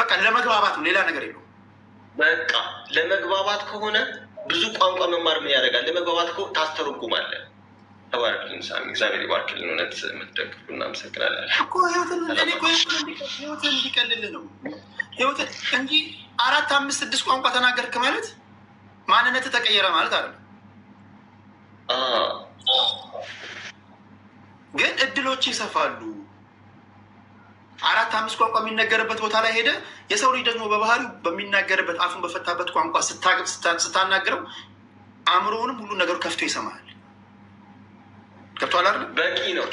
በቃ ለመግባባት ነው፣ ሌላ ነገር የለውም። በቃ ለመግባባት ከሆነ ብዙ ቋንቋ መማር ምን ያደርጋል? ለመግባባት ከሆነ ታስተረጉማለህ። ተባረክልን ሳሚ፣ እግዚአብሔር ይባርክልን። እውነት የምትደግፉ እናመሰግናለን። ህይወትን እንዲቀልል ነው ህይወት እንጂ አራት አምስት ስድስት ቋንቋ ተናገርክ ማለት ማንነት ተቀየረ ማለት አለ። ግን እድሎች ይሰፋሉ አራት አምስት ቋንቋ የሚነገርበት ቦታ ላይ ሄደ። የሰው ልጅ ደግሞ በባህሪው በሚናገርበት አፉን በፈታበት ቋንቋ ስታናግረው አእምሮውንም ሁሉ ነገሩ ከፍቶ ይሰማል። ገብቷል አይደል? በቂ ነው።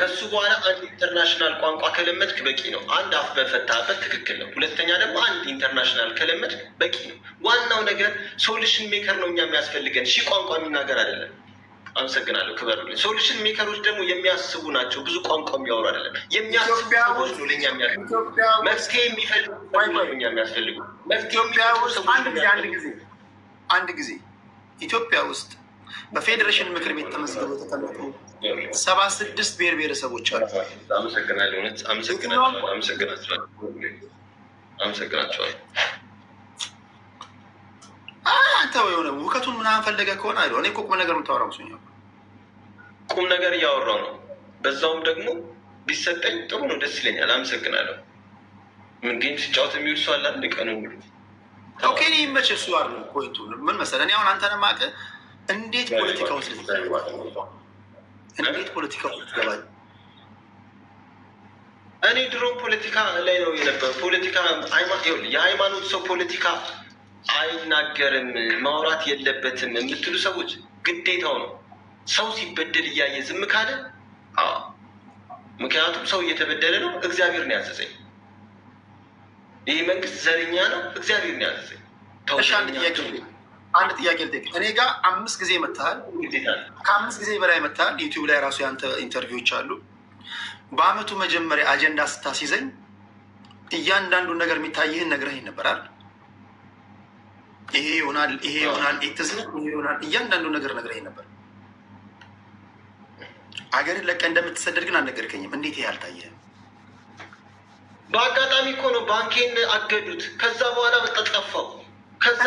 ከሱ በኋላ አንድ ኢንተርናሽናል ቋንቋ ከለመድክ በቂ ነው። አንድ አፍ በፈታበት ትክክል ነው። ሁለተኛ ደግሞ አንድ ኢንተርናሽናል ከለመድክ በቂ ነው። ዋናው ነገር ሶሉሽን ሜከር ነው እኛ የሚያስፈልገን ሺህ ቋንቋ የሚናገር አይደለም። አመሰግናለሁ። ክበሩልኝ። ሶሉሽን ሜከሮች ደግሞ የሚያስቡ ናቸው። ብዙ ቋንቋ የሚያወሩ አይደለም፣ የሚያስቡ ሰዎች ነው። ለእኛ መፍትሄ የሚፈልጉ እኛ የሚያስፈልጉ አንድ ጊዜ ኢትዮጵያ ውስጥ በፌዴሬሽን ምክር ቤት ተመዝግበው ተቀመጡ ሰባ ስድስት ብሔር ብሔረሰቦች አሉ። አመሰግናለሁ። እውነት አመሰግናቸዋለሁ። አመሰግናቸዋለሁ። አንተ የሆነ እውቀቱን ምናምን ፈለገ ከሆነ እኔ እኮ ቁም ነገር የምታወራው እሱኛው ቁም ነገር እያወራው ነው። በዛውም ደግሞ ቢሰጠኝ ጥሩ ነው፣ ደስ ይለኛል። አመሰግናለሁ። ምን ጌም ሲጫወት የሚውል ሰው አለ አንድ ቀኑ ሙሉ ኦኬ። እኔ ይመችህ። እሱ አሉ ፖይንቱ ምን መሰለህ፣ እኔ አሁን አንተን የማውቅህ እንዴት ፖለቲካ ውስጥ እንዴት ፖለቲካ ውስጥ ገባ። እኔ ድሮ ፖለቲካ ላይ ነው የነበረ። ፖለቲካ የሃይማኖት ሰው ፖለቲካ አይናገርም ማውራት የለበትም የምትሉ ሰዎች ግዴታው ነው ሰው ሲበደል እያየ ዝም ካለ፣ ምክንያቱም ሰው እየተበደለ ነው። እግዚአብሔር ነው ያዘዘኝ። ይህ መንግስት ዘረኛ ነው። እግዚአብሔር ነው ያዘዘኝ። አንድ ጥያቄ ልጠይቅ። እኔ ጋር አምስት ጊዜ መታል፣ ከአምስት ጊዜ በላይ መታል። ዩቲዩብ ላይ ራሱ ያንተ ኢንተርቪዎች አሉ። በአመቱ መጀመሪያ አጀንዳ ስታስይዘኝ እያንዳንዱን ነገር የሚታይህን ነግረህ ይነበራል። ይሄ ይሆናል፣ ይሄ ይሆናል፣ ይሄ ይሆናል። እያንዳንዱ ነገር ነግረህ ነበር አገርን ለቀ እንደምትሰደድ ግን አልነገርከኝም። እንዴት ይሄ አልታየህም? በአጋጣሚ እኮ ነው ባንኬን አገዱት። ከዛ በኋላ በቃ ጠፋው። ከዛ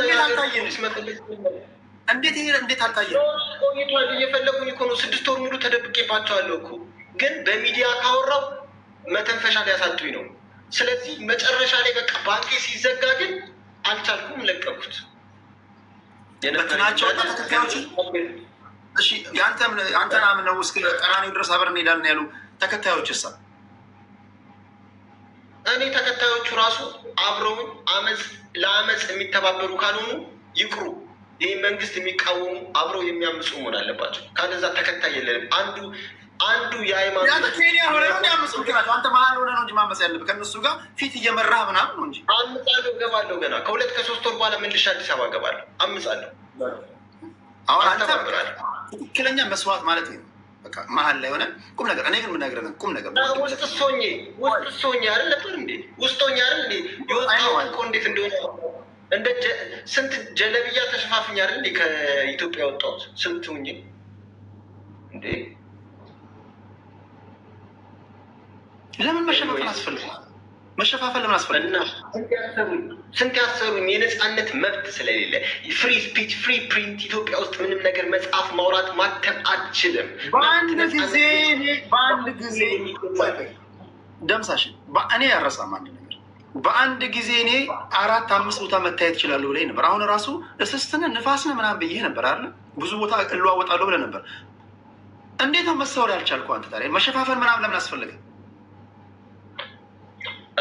እንዴት ይሄ እንዴት አልታየህም? ቆይቷል። እየፈለጉኝ እኮ ነው። ስድስት ወር ሙሉ ተደብቄባቸዋለሁ እኮ ግን በሚዲያ ካወራው መተንፈሻ ሊያሳጡኝ ነው። ስለዚህ መጨረሻ ላይ በቃ ባንኬ ሲዘጋ ግን አልቻልኩም፣ ለቀኩት። የነበራቸው ተከታዮች አንተን አምነው እስከ ቀራኔው ድረስ አብረን እንሄዳለን ያሉ ተከታዮች እሳ እኔ ተከታዮቹ ራሱ አብረውን አመፅ ለአመፅ የሚተባበሩ ካልሆኑ ይቅሩ። ይህን መንግስት የሚቃወሙ አብረው የሚያምፁ መሆን አለባቸው። ካለዛ ተከታይ የለንም። አንዱ አንዱ የሃይማኖት መሀል ሆነ ነው እንጂ ማመፅ ያለብህ ከእነሱ ጋር ፊት እየመራህ ምናምን ነው እንጂ አምፃለሁ፣ እገባለሁ። ገና ከሁለት ከሶስት ወር በኋላ መልሼ አዲስ አበባ እገባለሁ። አምፃለሁ አሁን አንተ ትክክለኛ መስዋዕት ማለት ነው። በቃ መሀል ላይ ሆነ ቁም ነገር እኔ ግን ምናገረን ቁም ነገር ውስጥ ሶኝ ውስጥ ሶኝ አይደል ነበር እንዴ ውስጦኝ አይደል እንዴ እኮ እንዴት እንደሆነ እንደ ስንት ጀለብያ ተሸፋፍኝ አይደል እንዴ ከኢትዮጵያ ወጣሁት ስንት ሁኝ እንዴ ለምን መሸፋፈን አስፈልጋል? መሸፋፈል ለምን አስፈለገ? ስንት ያሰሩኝ የነፃነት መብት ስለሌለ ፍሪ ስፒች ፍሪ ፕሪንት ኢትዮጵያ ውስጥ ምንም ነገር መጽሐፍ፣ ማውራት፣ ማተም አልችልም። በአንድ ጊዜ በአንድ ጊዜ ደምሳሽ እኔ ያረሳም አንድ ነገር በአንድ ጊዜ እኔ አራት አምስት ቦታ መታየት ይችላሉ ብለኝ ነበር። አሁን ራሱ እስስትን ንፋስን ምናምን ብዬ ነበር አለ ብዙ ቦታ እለዋወጣለሁ ብለህ ነበር። እንዴት ነው መሰወር ያልቻልኩ አንተ ታዲያ? መሸፋፈል ምናምን ለምን አስፈለገ?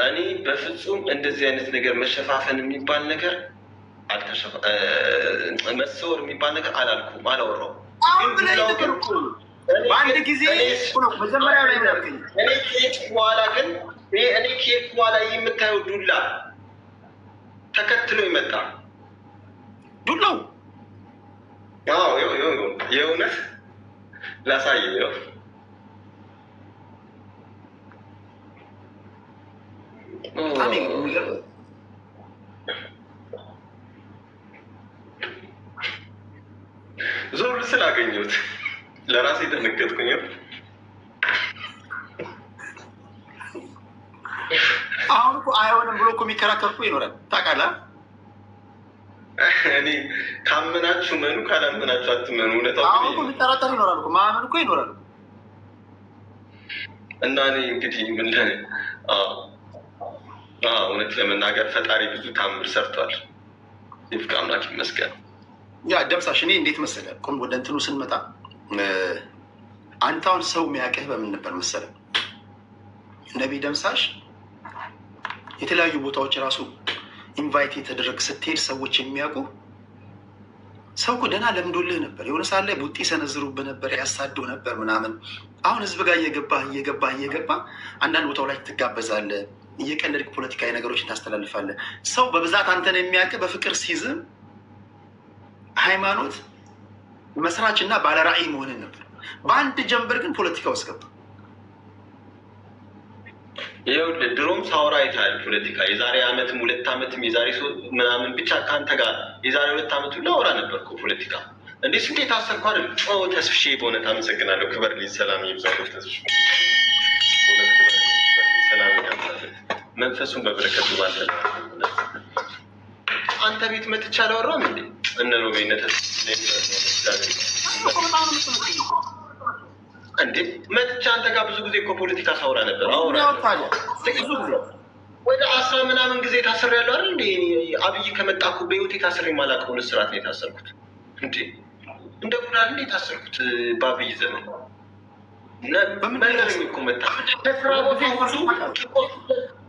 እኔ በፍጹም እንደዚህ አይነት ነገር መሸፋፈን የሚባል ነገር መሰወር የሚባል ነገር አላልኩም፣ አላወራሁም። በአንድ ጊዜ መጀመሪያ ላይ እኔ ከሄድኩ በኋላ ግን እኔ ከሄድኩ በኋላ የምታየው ዱላ ተከትሎ ይመጣ ዱላው የእውነት ላሳየው በጣም የሚገርም ዞር ስል አገኘሁት። ለራሴ ደነገጥኩኝ። አሁን አይሆንም ብሎ እኮ የሚከራከርኩ ይኖራል ታውቃለህ። እኔ ካመናችሁ መኑ፣ ካላመናችሁ አትመኑ። እውነት አሁን እኮ የሚጠራጠር ይኖራል እኮ ማመን እኮ ይኖራል እና እኔ እንግዲህ ምን እውነት ለመናገር ፈጣሪ ብዙ ታምር ሰርቷል። ይፍቅ አምላክ ይመስገን። ያ ደምሳሽ እኔ እንዴት መሰለ ቆም ወደ እንትኑ ስንመጣ አንተ አሁን ሰው ሚያውቅህ በምን ነበር መሰለህ ነቢይ ደምሳሽ የተለያዩ ቦታዎች ራሱ ኢንቫይት የተደረግ ስትሄድ ሰዎች የሚያውቁ ሰው እኮ ደህና ለምዶልህ ነበር። የሆነ ሰዓት ላይ ቡጢ ሰነዝሩብህ ነበር፣ ያሳዱ ነበር ምናምን። አሁን ህዝብ ጋር እየገባህ እየገባህ እየገባህ አንዳንድ ቦታው ላይ ትጋበዛለህ እየቀለድክ ፖለቲካዊ ነገሮችን ታስተላልፋለህ። ሰው በብዛት አንተን የሚያውቅ በፍቅር ሲዝም ሃይማኖት መስራች እና ባለራዕይ መሆንን ነበር። በአንድ ጀንበር ግን ፖለቲካ ውስጥ ገባ። ይኸውልህ ድሮም ሳውራ አይተሃል። ፖለቲካ የዛሬ ዓመትም ሁለት ዓመትም የዛሬ ምናምን ብቻ ከአንተ ጋር የዛሬ ሁለት ዓመት ላወራ ነበር እኮ ፖለቲካ እንዴ ስንዴ ታሰርኩ አይደል? ጮ ተስፍሼ በእውነት አመሰግናለሁ። ክበር ልጅ ሰላም ይብዛ ሰላም መንፈሱን በበረከቱ ባንተ አንተ ቤት መጥቼ አላወራም እንዴ? እነ ነው ቤነተስ እንዴ መጥቼ አንተ ጋር ብዙ ጊዜ እኮ ፖለቲካ ሳውራ ነበር። ብዙ ወደ አስራ ምናምን ጊዜ ታስሬ ያለው አይደል እንዴ? አብይ ከመጣ እኮ በህይወቴ ታስሬ የማላውቀውን እስራት ነው የታሰርኩት። እንዴ እንደ ጉዳል እንዴ የታሰርኩት በአብይ ዘመን በምን ነገር እኮ መጣ ከስራ ቦታ ሁሉ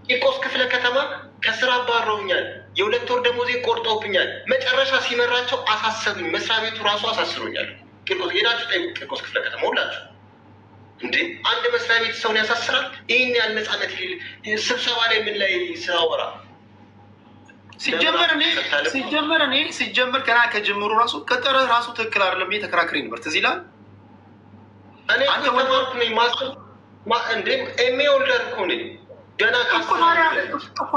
ቂርቆስ ክፍለ ከተማ ከስራ አባረውኛል፣ የሁለት ወር ደሞዜ ቆርጠውብኛል። መጨረሻ ሲመራቸው አሳሰሉኝ፣ መስሪያ ቤቱ ራሱ አሳስሎኛል። ቂርቆስ ሄዳችሁ ጠይቁ፣ ቂርቆስ ክፍለ ከተማ ሁላችሁ። እንዴ አንድ መስሪያ ቤት ሰውን ያሳስራል? ይህን ያህል ነፃነት ስብሰባ ላይ ምን ላይ ስራወራ ሲጀመር እኔ ሲጀመር እኔ ሲጀመር ገና ከጀምሩ ራሱ ቅጥር ራሱ ትክክል አይደለም ብዬ ተከራክሬ ነበር። ትዝ ይላል። እኔ ተማርኩ ነኝ ማስ እንዴ ኤሜ ሆልደር እኮ ነኝ ገና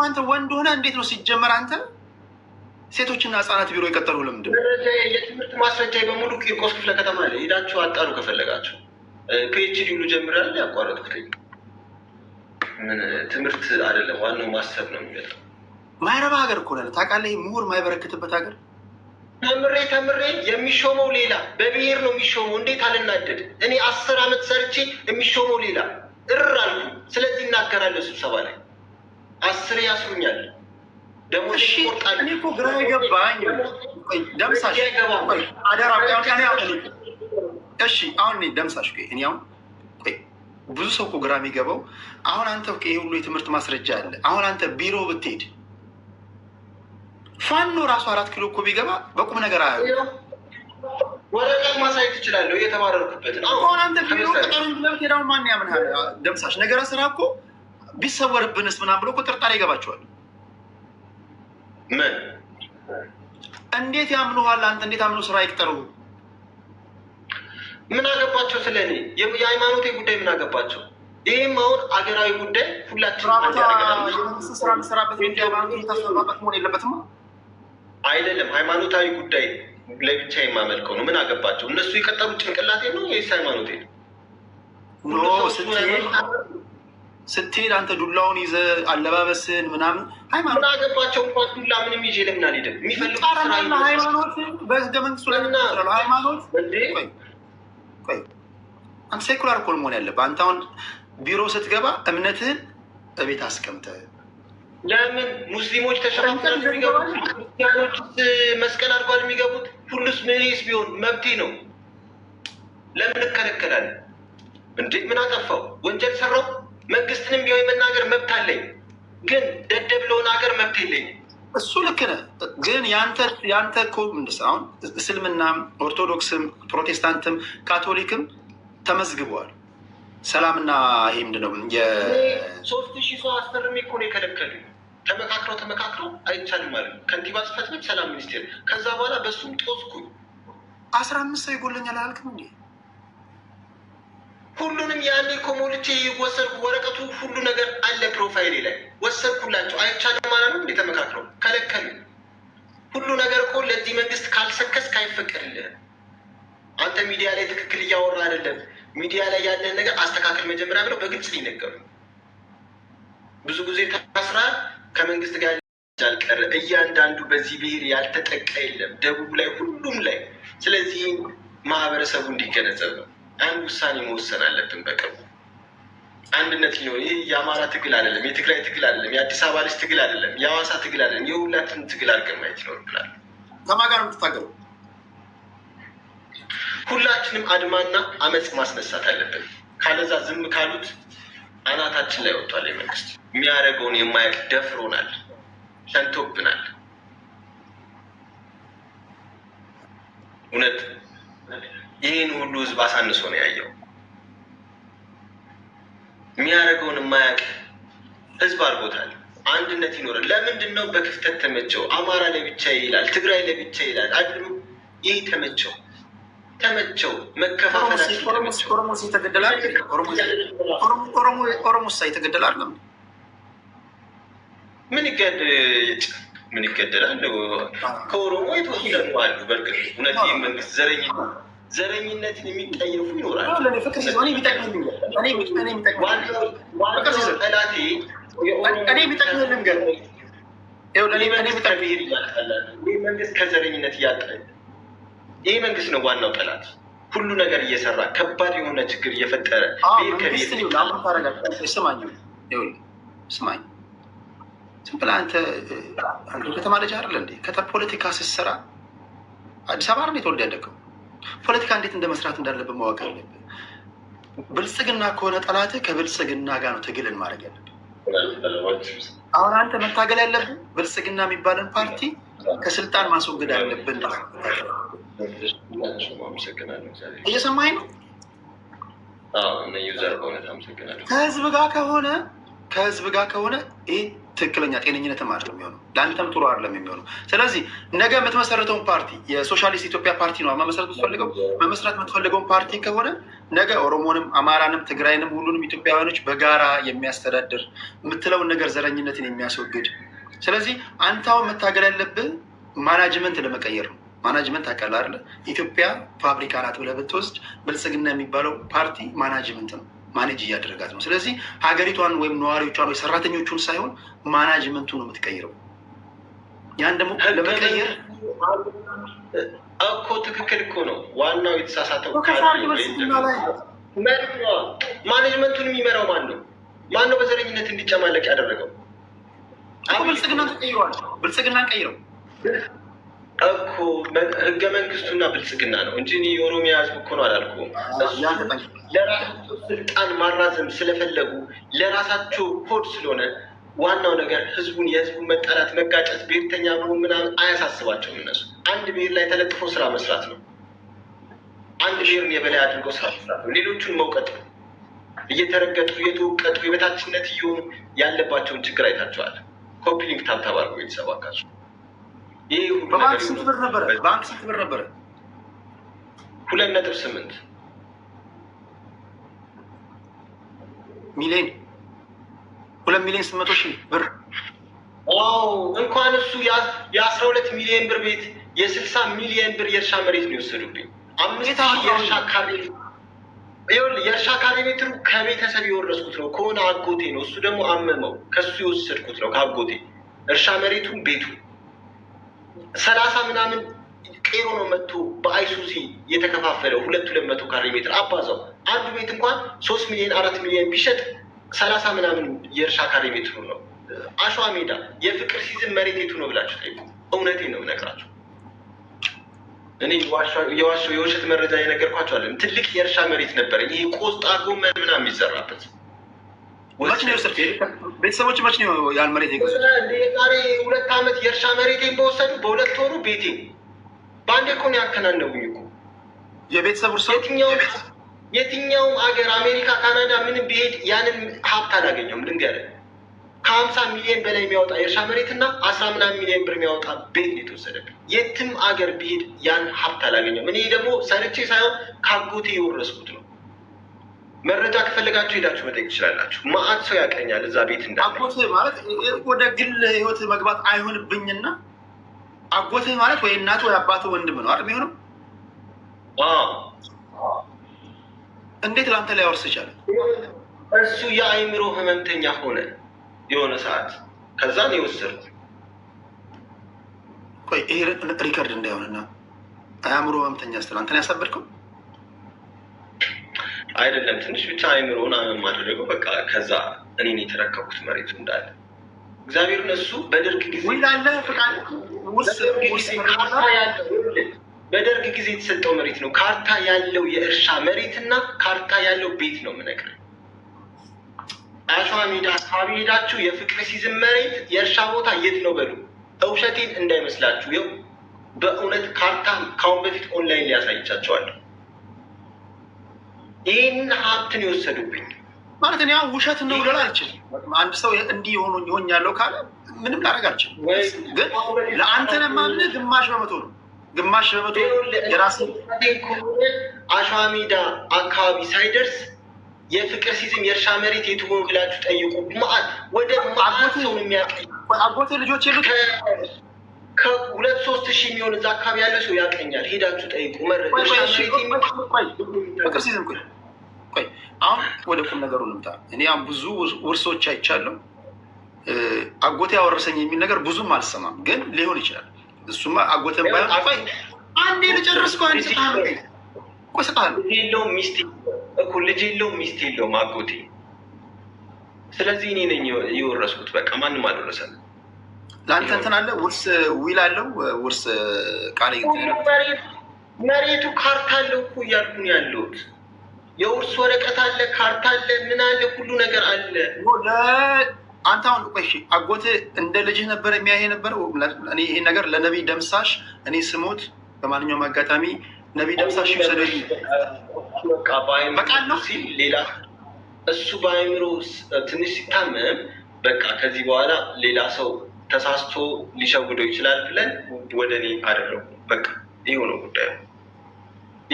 አንተ ወንድ ሆነ እንዴት ነው ሲጀመር? አንተ ሴቶችና ህጻናት ቢሮ የቀጠሉ ለምንድን ነው? የትምህርት ማስረጃ በሙሉ ቂርቆስ ክፍለ ከተማ ላይ ሄዳችሁ አጣሩ ከፈለጋችሁ። ፒኤችዲ ሁሉ ጀምራል ያቋረጥኩት ምን ትምህርት አይደለም፣ ዋናው ማሰብ ነው የሚገጥም ማይረባ ሀገር እኮ ነን ታውቃለህ። ምሁር ማይበረክትበት ሀገር ተምሬ ተምሬ የሚሾመው ሌላ፣ በብሔር ነው የሚሾመው። እንዴት አልናደድ? እኔ አስር አመት ሰርቼ የሚሾመው ሌላ እራሉ። ስለዚህ እናገራለሁ ስብሰባ ላይ አስር ያስሩኛል። ደግሞ ግራ የገባኝ ደምሳሽ እሺ አሁን እኔ ደምሳሽ እኔ አሁን ብዙ ሰው እኮ ግራ የሚገባው አሁን አንተ ይሄ ሁሉ የትምህርት ማስረጃ አለ። አሁን አንተ ቢሮ ብትሄድ ፋኖ ራሱ አራት ኪሎ እኮ ቢገባ በቁም ነገር አ እችላለሁ እየተባረርኩበትን አሁን አንተ ቢሮ ቅጠሩን ብለህ ሄዳውን ማን ያምንሃል? ደምሳሽ ነገረ ስራ እኮ ቢሰወርብንስ ምናምን ብሎ እኮ ጥርጣሬ ይገባቸዋል። ምን እንዴት ያምኑሃል? አንተ እንዴት አምኖ ስራ ይቅጠሩ? ምን አገባቸው? ስለ እኔ የሃይማኖቴ ጉዳይ ምን አገባቸው? ይህም አሁን አገራዊ ጉዳይ ሁላችን ስራ ስራበት መሆን የለበትም አይደለም ሃይማኖታዊ ጉዳይ ነው። ለብቻ የማመልከው ነው። ምን አገባቸው እነሱ የቀጠሩ ጭንቅላቴ ነው ወይስ ሃይማኖቴ ነው? ስትሄድ አንተ ዱላውን ይዘ አለባበስን ምናምን ሃይማኖት አገባቸው እንኳ ዱላ ምንም ይዤ ለምን አልሄድም? የሚፈልጉት ሃይማኖት በህገ መንግስቱ ላይ ሃይማኖት አንተ ሴኩላር እኮ መሆን ያለብህ አንተ አሁን ቢሮ ስትገባ እምነትህን እቤት አስቀምጠህ ለምን ሙስሊሞች ተሸፋፍነው የሚገቡት ክርስቲያኖች መስቀል አድርጓል የሚገቡት ሁሉስ ምንስ ቢሆን መብቴ ነው። ለምን እከለከላለሁ እንዴ? ምን አጠፋው? ወንጀል ሰራው? መንግስትንም ቢሆን መናገር መብት አለኝ። ግን ደደብ ለሆነ ሀገር መብት የለኝ። እሱ ልክ ነህ። ግን ያንተ እኮ አሁን እስልምናም ኦርቶዶክስም ፕሮቴስታንትም ካቶሊክም ተመዝግበዋል። ሰላምና ይሄ ምንድን ነው? ሶስት ሺህ ሰው አስፈርሜ እኮ ነው የከለከሉኝ ተመካክረው ተመካክረው አይቻልም ማለት ነው። ከንቲባ ጽሕፈት ቤት፣ ሰላም ሚኒስቴር። ከዛ በኋላ በሱም ጦስኩኝ። አስራ አምስት ሰው ይጎለኛል አላልክም እንዴ? ሁሉንም የአንድ ኮሞልቼ ወሰድኩ። ወረቀቱ ሁሉ ነገር አለ ፕሮፋይሌ ላይ ወሰድኩላቸው። አይቻልም ማለት ነው። እንዴ? ተመካክረው ከለከሉ። ሁሉ ነገር እኮ ለዚህ መንግስት ካልሰከስ ካይፈቀድልህ አንተ ሚዲያ ላይ ትክክል እያወራ አይደለም፣ ሚዲያ ላይ ያለን ነገር አስተካከል መጀመሪያ ብለው በግልጽ ሊነገሩ ብዙ ጊዜ ታስራ ከመንግስት ጋር አልቀረ እያንዳንዱ በዚህ ብሄር ያልተጠቃ የለም፣ ደቡብ ላይ ሁሉም ላይ። ስለዚህ ማህበረሰቡ እንዲገነዘብ ነው አንድ ውሳኔ መወሰን አለብን በቅርቡ አንድነት ሊሆን ይህ የአማራ ትግል አይደለም፣ የትግራይ ትግል አይደለም፣ የአዲስ አበባ ልጅ ትግል አይደለም፣ የሐዋሳ ትግል አይደለም፣ የሁላችንም ትግል አድርገን ማየት ይኖርብናል። ከማን ጋር የምትታገሉ? ሁላችንም አድማና አመፅ ማስነሳት አለብን። ካለዛ ዝም ካሉት አናታችን ላይ ወጥቷል። የመንግስት የሚያደርገውን የማያቅ ደፍሮናል፣ ሸንቶብናል። እውነት ይህን ሁሉ ህዝብ አሳንሶ ነው ያየው። የሚያደርገውን የማያቅ ህዝብ አድርጎታል። አንድነት ይኖራል ለምንድን ነው በክፍተት ተመቸው? አማራ ለብቻ ይላል፣ ትግራይ ለብቻ ይላል። አድሉ ይህ ተመቸው። ተመቸው መከፋፈላኦሮሞስ የተገደለ ኦሮሞስ የተገደለ አይደለም። ምን ይገድ ምን ይገደላል? ከኦሮሞ የተወሰኑ አሉ። በእርግጥ እውነት መንግስት ዘረኝ ዘረኝነትን የሚጠየፉ ይኖራል። ጠላቴ መንግስት ከዘረኝነት እያጣ ይህ መንግስት ነው ዋናው ጠላት። ሁሉ ነገር እየሰራ ከባድ የሆነ ችግር እየፈጠረ ስማኝ ስማኝ ዝም ብለህ አንተ አንዱ ከተማ ልጅ አይደለ እንዴ? ፖለቲካ ስትሰራ አዲስ አበባ እንዴት ወልድ ያደገው ፖለቲካ እንዴት እንደ መስራት እንዳለብህ ማወቅ አለብህ። ብልጽግና ከሆነ ጠላት ከብልጽግና ጋር ነው ትግልን ማድረግ ያለብህ። አሁን አንተ መታገል ያለብን ብልጽግና የሚባለን ፓርቲ ከስልጣን ማስወገድ አለብን። እየሰማኸኝ ነው? ከህዝብ ጋር ከሆነ ከህዝብ ጋር ከሆነ ይህ ትክክለኛ ጤነኝነትም አይደለም የሚሆነው፣ ለአንተም ጥሩ አይደለም የሚሆነው። ስለዚህ ነገ የምትመሰረተውን ፓርቲ የሶሻሊስት ኢትዮጵያ ፓርቲ ነው የምትፈልገው። መመስረት የምትፈልገውን ፓርቲ ከሆነ ነገ ኦሮሞንም፣ አማራንም፣ ትግራይንም ሁሉንም ኢትዮጵያውያኖች በጋራ የሚያስተዳድር የምትለውን ነገር ዘረኝነትን የሚያስወግድ። ስለዚህ አንተው መታገል ያለብህ ማናጅመንት ለመቀየር ነው። ማናጅመንት አቀላ አለ ኢትዮጵያ ፋብሪካ ናት ብለህ ብትወስድ ብልጽግና የሚባለው ፓርቲ ማናጅመንት ነው፣ ማኔጅ እያደረጋት ነው። ስለዚህ ሀገሪቷን ወይም ነዋሪዎቿን ወይ ሰራተኞቹን ሳይሆን ማናጅመንቱ ነው የምትቀይረው። ያን ደግሞ ለመቀየር እኮ ትክክል እኮ ነው። ዋናው የተሳሳተው ማኔጅመንቱን የሚመራው ማን ነው? ማን ነው በዘረኝነት እንዲጨማለቅ ያደረገው? ብልጽግና ቀይረዋል። ብልጽግና ቀይረው እኮ ህገ መንግስቱና ብልጽግና ነው እንጂ እኔ የኦሮሚያ ህዝብ እኮ ነው አላልኩ። ለራሳቸው ስልጣን ማራዘም ስለፈለጉ ለራሳቸው ሆድ ስለሆነ ዋናው ነገር ህዝቡን የህዝቡን መጠላት፣ መጋጨት፣ ብሔርተኛ መሆን ምናምን አያሳስባቸውም። እነሱ አንድ ብሄር ላይ ተለጥፎ ስራ መስራት ነው። አንድ ብሄርን የበላይ አድርገው ስራ መስራት ነው። ሌሎቹን መውቀጥ ነው። እየተረገጡ እየተወቀጡ የበታችነት እየሆኑ ያለባቸውን ችግር አይታቸዋል። ኮፒሊንግ ታብታባል ቤተሰብ በባንክ ስንት ብር ነበረ? ባንክ ስንት ብር ነበረ? ሁለት ነጥብ ስምንት ሚሊዮን ሁለት ሚሊዮን ስምንት ሺህ ብር እንኳን እሱ የአስራ ሁለት ሚሊዮን ብር ቤት የስልሳ ሚሊዮን ብር የእርሻ መሬት ነው የወሰዱብኝ። አምስት የእርሻ ካሬ የእርሻ ካሬ ሜትሩ ከቤተሰብ የወረስኩት ነው ከሆነ አጎቴ ነው። እሱ ደግሞ አመመው ከሱ የወሰድኩት ነው ከአጎቴ እርሻ መሬቱን ቤቱ ሰላሳ ምናምን ቄሮ ነው መጥቶ በአይሱዚ የተከፋፈለው ሁለት ሁለት መቶ ካሬ ሜትር አባዛው አንዱ ቤት እንኳን ሶስት ሚሊዮን አራት ሚሊዮን ቢሸጥ ሰላሳ ምናምን የእርሻ ካሬ ሜትሩ ነው። አሸዋ ሜዳ የፍቅር ሲዝን መሬት የቱ ነው ብላችሁ ጠይቁ። እውነቴ ነው ነግራችሁ። እኔ የውሸት መረጃ የነገርኳቸው የነገርኳቸዋለን። ትልቅ የእርሻ መሬት ነበረ። ይሄ ቆስጣ፣ ጎመን ምናምን የሚዘራበት መች ነው የወሰድክ? ቤተሰቦች ነው ያን መሬት የገዙት? ሁለት ዓመት የእርሻ መሬቴን በወሰዱ በሁለት ወሩ ቤቴ በአንዴ እኮ ነው ያከናነቡኝ እኮ የቤተሰብ የትኛውም አገር አሜሪካ፣ ካናዳ ምንም ያንን ሀብት አላገኘውም። ልንግ ከሀምሳ ሚሊዮን በላይ የሚያወጣ የእርሻ መሬትና አስራ ምናምን ሚሊዮን ብር የሚያወጣ ቤት ነው የተወሰደብኝ። የትም አገር ቢሄድ ያን ሀብት አላገኘውም። እኔ ደግሞ ሰርቼ ሳይሆን ካጎቴ የወረስኩት ነው። መረጃ ከፈለጋችሁ ሄዳችሁ መጠየቅ ትችላላችሁ። ማአት ሰው ያቀኛል እዛ ቤት እንዳ አጎትህ ማለት ወደ ግል ህይወት መግባት አይሆንብኝና አጎትህ ማለት ወይ እናት ወይ አባት ወንድም ነው አይደል የሚሆነው? እንዴት ለአንተ ላይ ወርስ ይቻለ? እሱ የአይምሮ ህመምተኛ ሆነ የሆነ ሰዓት ከዛ ነው የወሰድኩ። ቆይ ይሄ ሪከርድ እንዳይሆንና አእምሮ ህመምተኛ ስትል አንተን ያሳበድከው አይደለም ትንሽ ብቻ አይምሮን አደረገው በቃ ከዛ እኔን የተረከኩት መሬቱ እንዳለ እግዚአብሔር እነሱ በደርግ ጊዜ በደርግ ጊዜ የተሰጠው መሬት ነው። ካርታ ያለው የእርሻ መሬትና ካርታ ያለው ቤት ነው የምነግርህ። አሸዋ ሜዳ አካባቢ ሄዳችሁ የፍቅር ሲዝም መሬት የእርሻ ቦታ የት ነው በሉ። እውሸቴን እንዳይመስላችሁ፣ ይኸው በእውነት ካርታ ካሁን በፊት ኦንላይን ሊያሳይቻቸዋለሁ። ይህን ሀብትን የወሰዱብኝ ማለት እኔ ውሸት ነው ልል አልችልም። አንድ ሰው እንዲህ የሆኑ ሆኝ ያለው ካለ ምንም ላደርግ አልችልም። ግን ለአንተ ለማምነህ ግማሽ በመቶ ነው ግማሽ በመቶ የራስህ አሸዋሜዳ አካባቢ ሳይደርስ የፍቅር ሲዝም የእርሻ መሬት የቱ ሆኖ ብላችሁ ጠይቁ። ማአት ወደ ማአት ሰው የሚያቀ አጎቴ ልጆች የሉት ከሁለት ሶስት ሺህ የሚሆን እዛ አካባቢ ያለ ሰው ያቀኛል። ሄዳችሁ ጠይቁ። መረ ፍቅር ሲዝም ቆይ አሁን ወደ ቁም ነገሩ ልምጣ። እኔ አሁን ብዙ ውርሶች አይቻለሁ። አጎቴ ያወረሰኝ የሚል ነገር ብዙም አልሰማም፣ ግን ሊሆን ይችላል። እሱማ አጎቴን ባይሆን አንዴ ልጨርስ እኮ እኮ ልጅ የለውም ሚስት የለውም አጎቴ። ስለዚህ እኔ ነኝ የወረስኩት። በቃ ማንም አልወረሰም። ለአንተ እንትን አለ ውርስ ዊል አለው ውርስ ቃል መሬቱ ካርታ አለው እኮ እያልኩ ነው ያለሁት የውርስ ወረቀት አለ፣ ካርታ አለ፣ ምን አለ፣ ሁሉ ነገር አለ። አንተ አሁን ቆይ አጎት እንደ ልጅህ ነበር የሚያይ ነበር። ይሄ ነገር ለነቢይ ደምሳሽ እኔ ስሞት በማንኛውም አጋጣሚ ነቢይ ደምሳሽ ይውሰደ በቃ ነው ሲል ሌላ እሱ በአይምሮ ትንሽ ሲታመም በቃ ከዚህ በኋላ ሌላ ሰው ተሳስቶ ሊሸውደው ይችላል ብለን ወደ እኔ አደረጉ። በቃ ይህ ነው ጉዳዩ።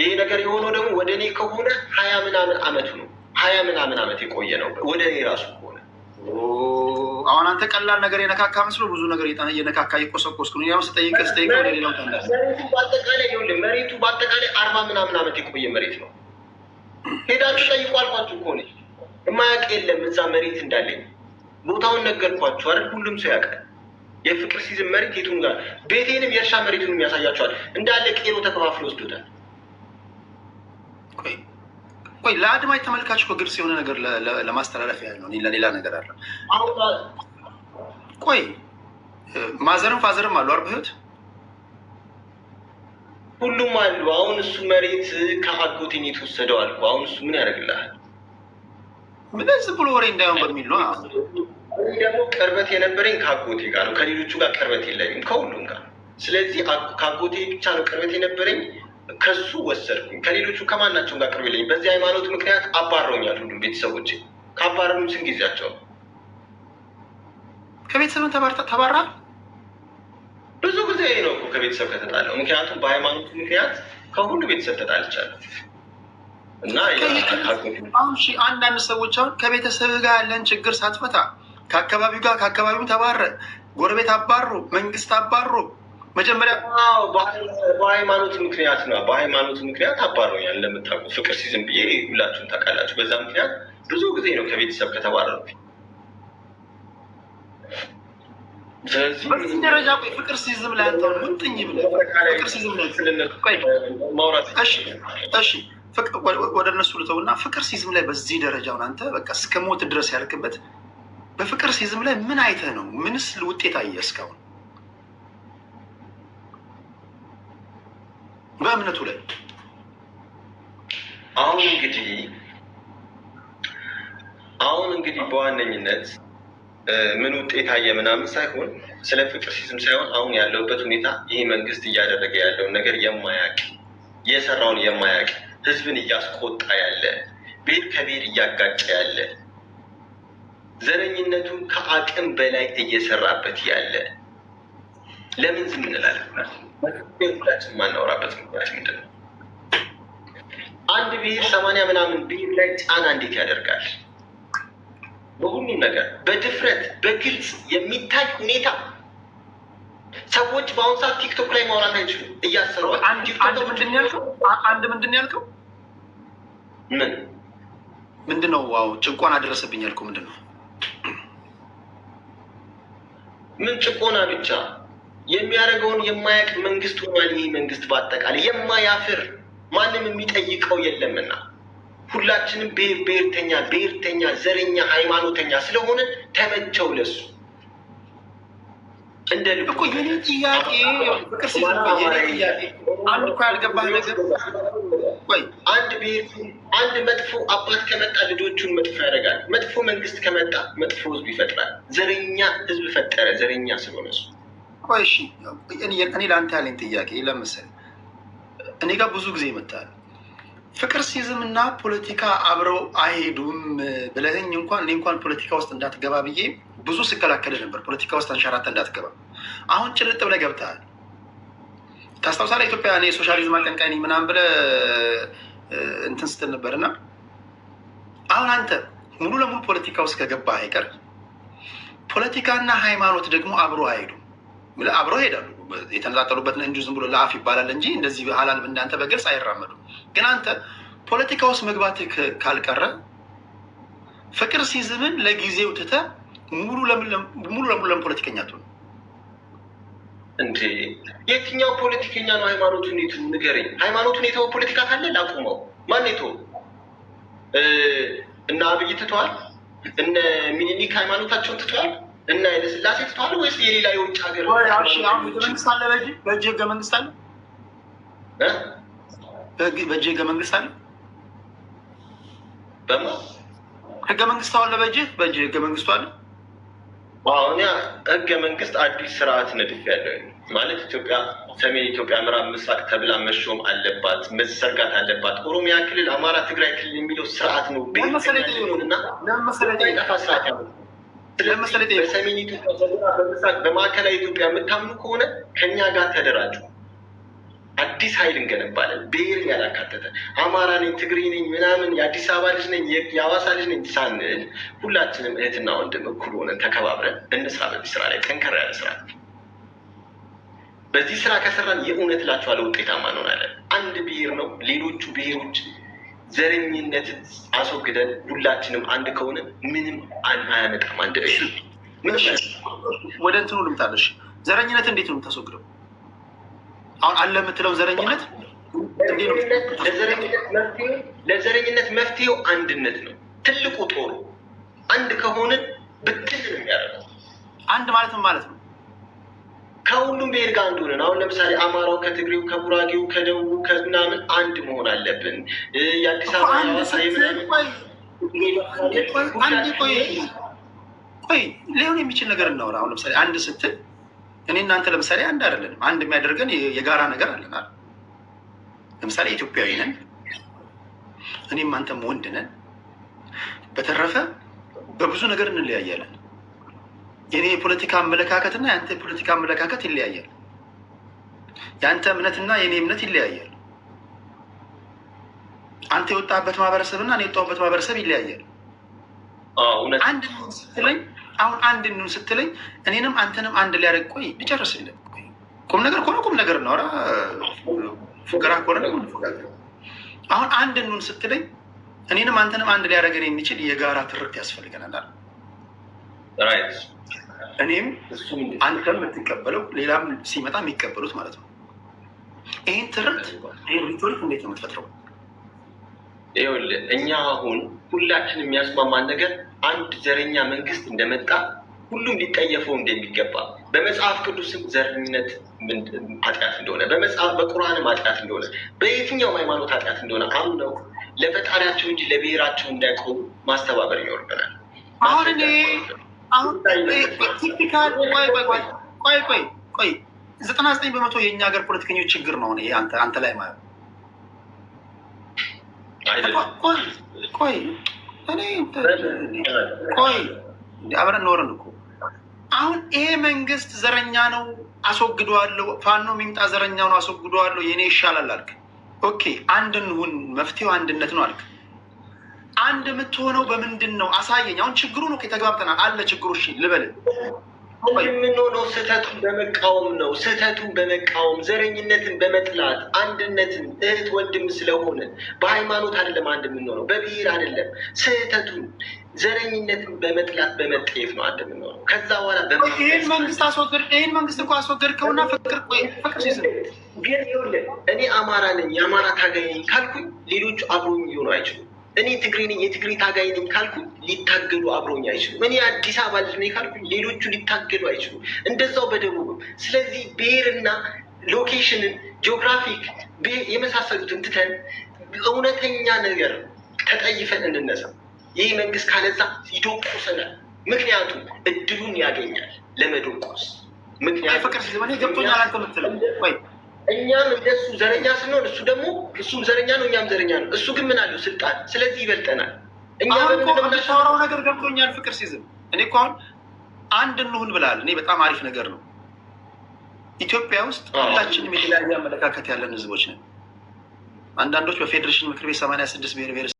ይህ ነገር የሆነው ደግሞ ወደ እኔ ከሆነ ሀያ ምናምን አመቱ ነው። ሀያ ምናምን አመት የቆየ ነው ወደ እኔ ራሱ ከሆነ አሁን አንተ ቀላል ነገር የነካካ መስሎ ብዙ ነገር የነካካ የቆሰቆስ ነው። ያው ስጠይቅ ስጠይቅ ወደ ሌላው መሬቱ በአጠቃላይ ይኸውልህ፣ መሬቱ በአጠቃላይ አርባ ምናምን አመት የቆየ መሬት ነው። ሄዳችሁ ጠይቁ አልኳችሁ። ከሆነ የማያውቅ የለም እዛ መሬት እንዳለኝ ቦታውን ነገርኳችሁ አይደል? ሁሉም ሰው ያውቃል። የፍቅር ሲዝም መሬት የቱን ጋር ቤቴንም የእርሻ መሬቱንም ያሳያቸዋል። እንዳለ ቄሮ ተከፋፍሎ ወስዶታል። ቆይ ለአድማጭ ተመልካች እኮ ግልጽ የሆነ ነገር ለማስተላለፍ ያህል ነው። ለሌላ ነገር አለ። ቆይ ማዘርም ፋዘርም አሉ አርብ ሁሉም አሉ። አሁን እሱ መሬት ከአጎቴን የተወሰደው አልኩ። አሁን እሱ ምን ያደርግልሃል? ምን ዝም ብሎ ወሬ እንዳይሆን በሚል ነው። ደግሞ ቅርበት የነበረኝ ከአጎቴ ጋር ነው። ከሌሎቹ ጋር ቅርበት የለኝም ከሁሉም ጋር። ስለዚህ ከአጎቴ ብቻ ነው ቅርበት የነበረኝ ከሱ ወሰድኩኝ። ከሌሎቹ ከማናቸውም ጋር ቅርብ የለኝም። በዚህ ሃይማኖት ምክንያት አባረውኛል። ሁሉም ቤተሰቦች ካባረሩ ስን ጊዜያቸው ከቤተሰብን ተባራ ብዙ ጊዜ ነው ከቤተሰብ ከተጣለው። ምክንያቱም በሃይማኖቱ ምክንያት ከሁሉ ቤተሰብ ተጣልቻለሁ እና አንዳንድ ሰዎች አሁን ከቤተሰብ ጋር ያለን ችግር ሳትፈታ ከአካባቢው ጋር ከአካባቢው ተባረ፣ ጎረቤት አባሮ፣ መንግስት አባሮ መጀመሪያ በሃይማኖት ምክንያት ነው። በሃይማኖት ምክንያት አባረውኛል። እንደምታውቁ ፍቅር ሲዝም ብዬ ሁላችሁም ታውቃላችሁ። በዛ ምክንያት ብዙ ጊዜ ነው ከቤተሰብ ከተባረሩት። በዚህ ደረጃ ቆይ ፍቅር ሲዝም ላይ አንተ ውጥኝ ብለህ ፍቅር ሲዝም ላይ ወደ እነሱ ልተውና ፍቅር ሲዝም ላይ በዚህ ደረጃ አንተ በቃ እስከ ሞት ድረስ ያልክበት በፍቅር ሲዝም ላይ ምን አይተህ ነው? ምንስ ውጤት አየህ እስካሁን? በእምነቱ ላይ አሁን እንግዲህ አሁን እንግዲህ በዋነኝነት ምን ውጤት አየ ምናምን ሳይሆን ስለ ፍቅር ሲዝም ሳይሆን አሁን ያለውበት ሁኔታ ይሄ መንግስት እያደረገ ያለውን ነገር የማያውቅ የሰራውን የማያውቅ ህዝብን እያስቆጣ ያለ ብሔር ከብሔር እያጋጨ ያለ ዘረኝነቱን ከአቅም በላይ እየሰራበት ያለ ለምን ዝም እንላለን? ሁላችን የማናወራበት ምክንያት ምንድን ነው? አንድ ብሄር ሰማንያ ምናምን ብሄር ላይ ጫና እንዴት ያደርጋል? በሁሉም ነገር በድፍረት በግልጽ የሚታይ ሁኔታ ሰዎች በአሁኑ ሰዓት ቲክቶክ ላይ ማውራት አይችሉም፣ እያሰሩ አንድ ምንድን ነው ያልከው? ምን ምንድን ነው? ዋው ጭቆና አደረሰብኝ ያልከው ምንድን ነው? ምን ጭቆና ብቻ የሚያደርገውን የማያውቅ መንግስት ሆኗል። ይህ መንግስት በአጠቃላይ የማያፍር ማንም የሚጠይቀው የለምና ሁላችንም ብሔር ብሔርተኛ ብሔርተኛ፣ ዘረኛ፣ ሃይማኖተኛ ስለሆነ ተመቸው ለሱ እንደ ልብ እኮ የኔ ጥያቄ ፍቅር አንድ እኮ ያልገባህ ነገር ወይ አንድ ብሔር አንድ መጥፎ አባት ከመጣ ልጆቹን መጥፎ ያደርጋል። መጥፎ መንግስት ከመጣ መጥፎ ህዝብ ይፈጥራል። ዘረኛ ህዝብ ፈጠረ ዘረኛ ስለሆነ እሱ ቆይ እኔ ለአንተ ያለኝ ጥያቄ ለምሳሌ እኔ ጋር ብዙ ጊዜ ይመጣል ፍቅር ሲዝም እና ፖለቲካ አብረው አይሄዱም ብለኝ እንኳን እኔ እንኳን ፖለቲካ ውስጥ እንዳትገባ ብዬ ብዙ ስከላከለ ነበር። ፖለቲካ ውስጥ አንሸራተ እንዳትገባ አሁን ጭልጥ ብለህ ገብተሃል። ታስታውሳለህ? ኢትዮጵያ እኔ ሶሻሊዝም አቀንቃኝ ምናምን ብለህ እንትን ስትል ነበር እና አሁን አንተ ሙሉ ለሙሉ ፖለቲካ ውስጥ ከገባ አይቀር ፖለቲካና ሃይማኖት ደግሞ አብሮ አይሄዱም። አብረው ይሄዳሉ። የተነጣጠሉበት እንጂ ዝም ብሎ ለአፍ ይባላል እንጂ እንደዚህ ሀላል እንዳንተ በግልጽ አይራመዱም። ግን አንተ ፖለቲካ ውስጥ መግባት ካልቀረ ፍቅር ሲዝምን ለጊዜው ትተ ሙሉ ለሙሉ ፖለቲከኛ ትሆን እንዴ? የትኛው ፖለቲከኛ ነው ሃይማኖት ሁኔቱ? ንገረኝ። ሃይማኖቱን የተወው ፖለቲካ ካለ ላቁመው። ማን የተወው? እነ አብይ ትተዋል። እነ ሚኒሊክ ሃይማኖታቸውን ትተዋል። እና ኃይለ ሥላሴ ትቷል ወይስ የሌላ የውጭ ሀገር መንግስት አለ? በእጅ ህገ መንግስት አለ። በእጅ ህገ መንግስት አለ። በሞ ህገ መንግስት አለ። በእጅ በእጅ ህገ መንግስቱ አለ። አሁን ህገ መንግስት አዲስ ስርዓት ነድፍ ያለው ማለት ኢትዮጵያ ሰሜን ኢትዮጵያ፣ ምዕራብ ምስራቅ ተብላ መሾም አለባት፣ መሰርጋት አለባት። ኦሮሚያ ክልል፣ አማራ፣ ትግራይ ክልል የሚለው ስርዓት ነው። ቤት ጠፋ ስርዓት ያለው ለምሳሌ በሰሜን ኢትዮጵያ በማዕከላዊ ኢትዮጵያ የምታምኑ ከሆነ ከኛ ጋር ተደራጁ። አዲስ ኃይል እንገነባለን። ብሔርን ያላካተተ አማራ ነኝ፣ ትግሬ ነኝ፣ ምናምን የአዲስ አበባ ልጅ ነኝ፣ የአዋሳ ልጅ ነኝ ሳንል ሁላችንም እህትና ወንድም እኩል ሆነን ተከባብረን እንስራ። በዚህ ስራ ላይ ጠንከር ያለ ስራ በዚህ ስራ ከሰራን የእውነት ላቸኋለ ውጤታማ እንሆናለን። አንድ ብሔር ነው። ሌሎቹ ብሔሮች ዘረኝነትን አስወግደን ሁላችንም አንድ ከሆነ ምንም አያመጣም። አንድ ወደ እንትኑ ልምታለሽ። ዘረኝነት እንዴት ነው የምታስወግደው? አሁን አለ የምትለው ዘረኝነት ለዘረኝነት መፍትሄው አንድነት ነው። ትልቁ ጦሩ አንድ ከሆንን ብትል የሚያደርገው አንድ ማለት ነው ማለት ነው ከሁሉም ብሔር ጋር አንዱ ነን። አሁን ለምሳሌ አማራው ከትግሬው ከጉራጌው ከደቡቡ ከምናምን አንድ መሆን አለብን። የአዲስ አበባ ቆይ ሊሆን የሚችል ነገር እናወራ። አሁን ለምሳሌ አንድ ስትል እኔ እናንተ ለምሳሌ አንድ አይደለንም። አንድ የሚያደርገን የጋራ ነገር አለናል። ለምሳሌ ኢትዮጵያዊ ነን፣ እኔም አንተም ወንድ ነን። በተረፈ በብዙ ነገር እንለያያለን። የኔ የፖለቲካ አመለካከትና የአንተ የፖለቲካ አመለካከት ይለያያል። የአንተ እምነትና የኔ እምነት ይለያያል። አንተ የወጣበት ማህበረሰብና እኔ የወጣበት ማህበረሰብ ይለያያል። አንድ ስትለኝ አሁን አንድ እንሁን ስትለኝ እኔንም አንተንም አንድ ሊያደርግ ቆይ ልጨርስልን። ቁም ነገር ከሆነ ቁም ነገር ነው። ፉገራ ከሆነ አሁን አንድ እንሁን ስትለኝ እኔንም አንተንም አንድ ሊያደርገን የሚችል የጋራ ትርክት ያስፈልገናል። እኔም እሱም አንተም የምትቀበለው ሌላም ሲመጣ የሚቀበሉት ማለት ነው። ይህን ትርት ይህን ሪቶሪክ እንዴት ነው የምትፈጥረው? ይኸውልህ እኛ አሁን ሁላችን የሚያስማማን ነገር አንድ ዘረኛ መንግስት እንደመጣ ሁሉም ሊጠየፈው እንደሚገባ በመጽሐፍ ቅዱስም ዘረኝነት ኃጢአት እንደሆነ በመጽሐፍ በቁርአንም ኃጢአት እንደሆነ በየትኛው ሃይማኖት ኃጢአት እንደሆነ አምነው ለፈጣሪያቸው እንጂ ለብሔራቸው እንዳይቆሙ ማስተባበር ይኖርብናል። አሁን እኔ አሁን ቲፒካል ቆይ ቆይ ቆይ ቆይ ቆይ ዘጠና ዘጠኝ በመቶ የእኛ ሀገር ፖለቲከኞች ችግር ነው። አንተ ላይ ማለት ቆይ እኔ አብረን ኖርን እኮ አሁን ይሄ መንግስት ዘረኛ ነው አስወግደዋለሁ፣ ፋኖ የሚምጣ ዘረኛ ነው አስወግደዋለሁ፣ የእኔ ይሻላል አልክ። ኦኬ አንድ እንሁን፣ መፍትሄው አንድነት ነው አልክ። አንድ የምትሆነው በምንድን ነው? አሳየኝ። አሁን ችግሩ ነው ተግባብተናል፣ አለ ችግሩ። እሺ ልበል። የምንሆነው ስህተቱን በመቃወም ነው። ስህተቱን በመቃወም ዘረኝነትን በመጥላት አንድነትን፣ እህት ወንድም ስለሆነ በሃይማኖት አይደለም አንድ የምንሆነው፣ በብሔር አይደለም። ስህተቱን ዘረኝነትን በመጥላት በመጠየፍ ነው አንድ የምንሆነው። ከዛ በኋላ ይህን መንግስት አስወገድ፣ ይህን መንግስት እኮ አስወገድከውና ፍቅር ፍቅር ግን ግን እኔ አማራ ነኝ የአማራ ታገኝ ካልኩኝ ሌሎቹ አብሮኝ ሊሆኑ አይችሉም። እኔ ትግሬ ነኝ የትግሬ ታጋይ ነኝ ካልኩ ሊታገሉ አብሮኝ አይችሉም። እኔ አዲስ አበባ ልጅ ነኝ ካልኩ ሌሎቹ ሊታገሉ አይችሉም። እንደዛው በደቡብም። ስለዚህ ብሔርና ሎኬሽንን ጂኦግራፊክ የመሳሰሉትን ትተን እውነተኛ ነገር ተጠይፈን እንነሳ። ይህ መንግስት ካለዛ ይዶቁሰናል። ምክንያቱም እድሉን ያገኛል ለመዶቆስ ምክንያቱ ፍቅር ገብቶኛል አንተ ምትለው እኛም እንደሱ ዘረኛ ስንሆን እሱ ደግሞ እሱም ዘረኛ ነው፣ እኛም ዘረኛ ነው። እሱ ግን ምን አለው ስልጣን፣ ስለዚህ ይበልጠናል። እኛ በምንደምናሻውራው ነገር ገብቶኛል። ፍቅር ሲዝም እኔ እኮ አሁን አንድ እንሁን ብላል። እኔ በጣም አሪፍ ነገር ነው። ኢትዮጵያ ውስጥ ሁላችንም የተለያየ አመለካከት ያለን ህዝቦች ነን። አንዳንዶች በፌዴሬሽን ምክር ቤት ሰማንያ ስድስት ብሔር ብሔር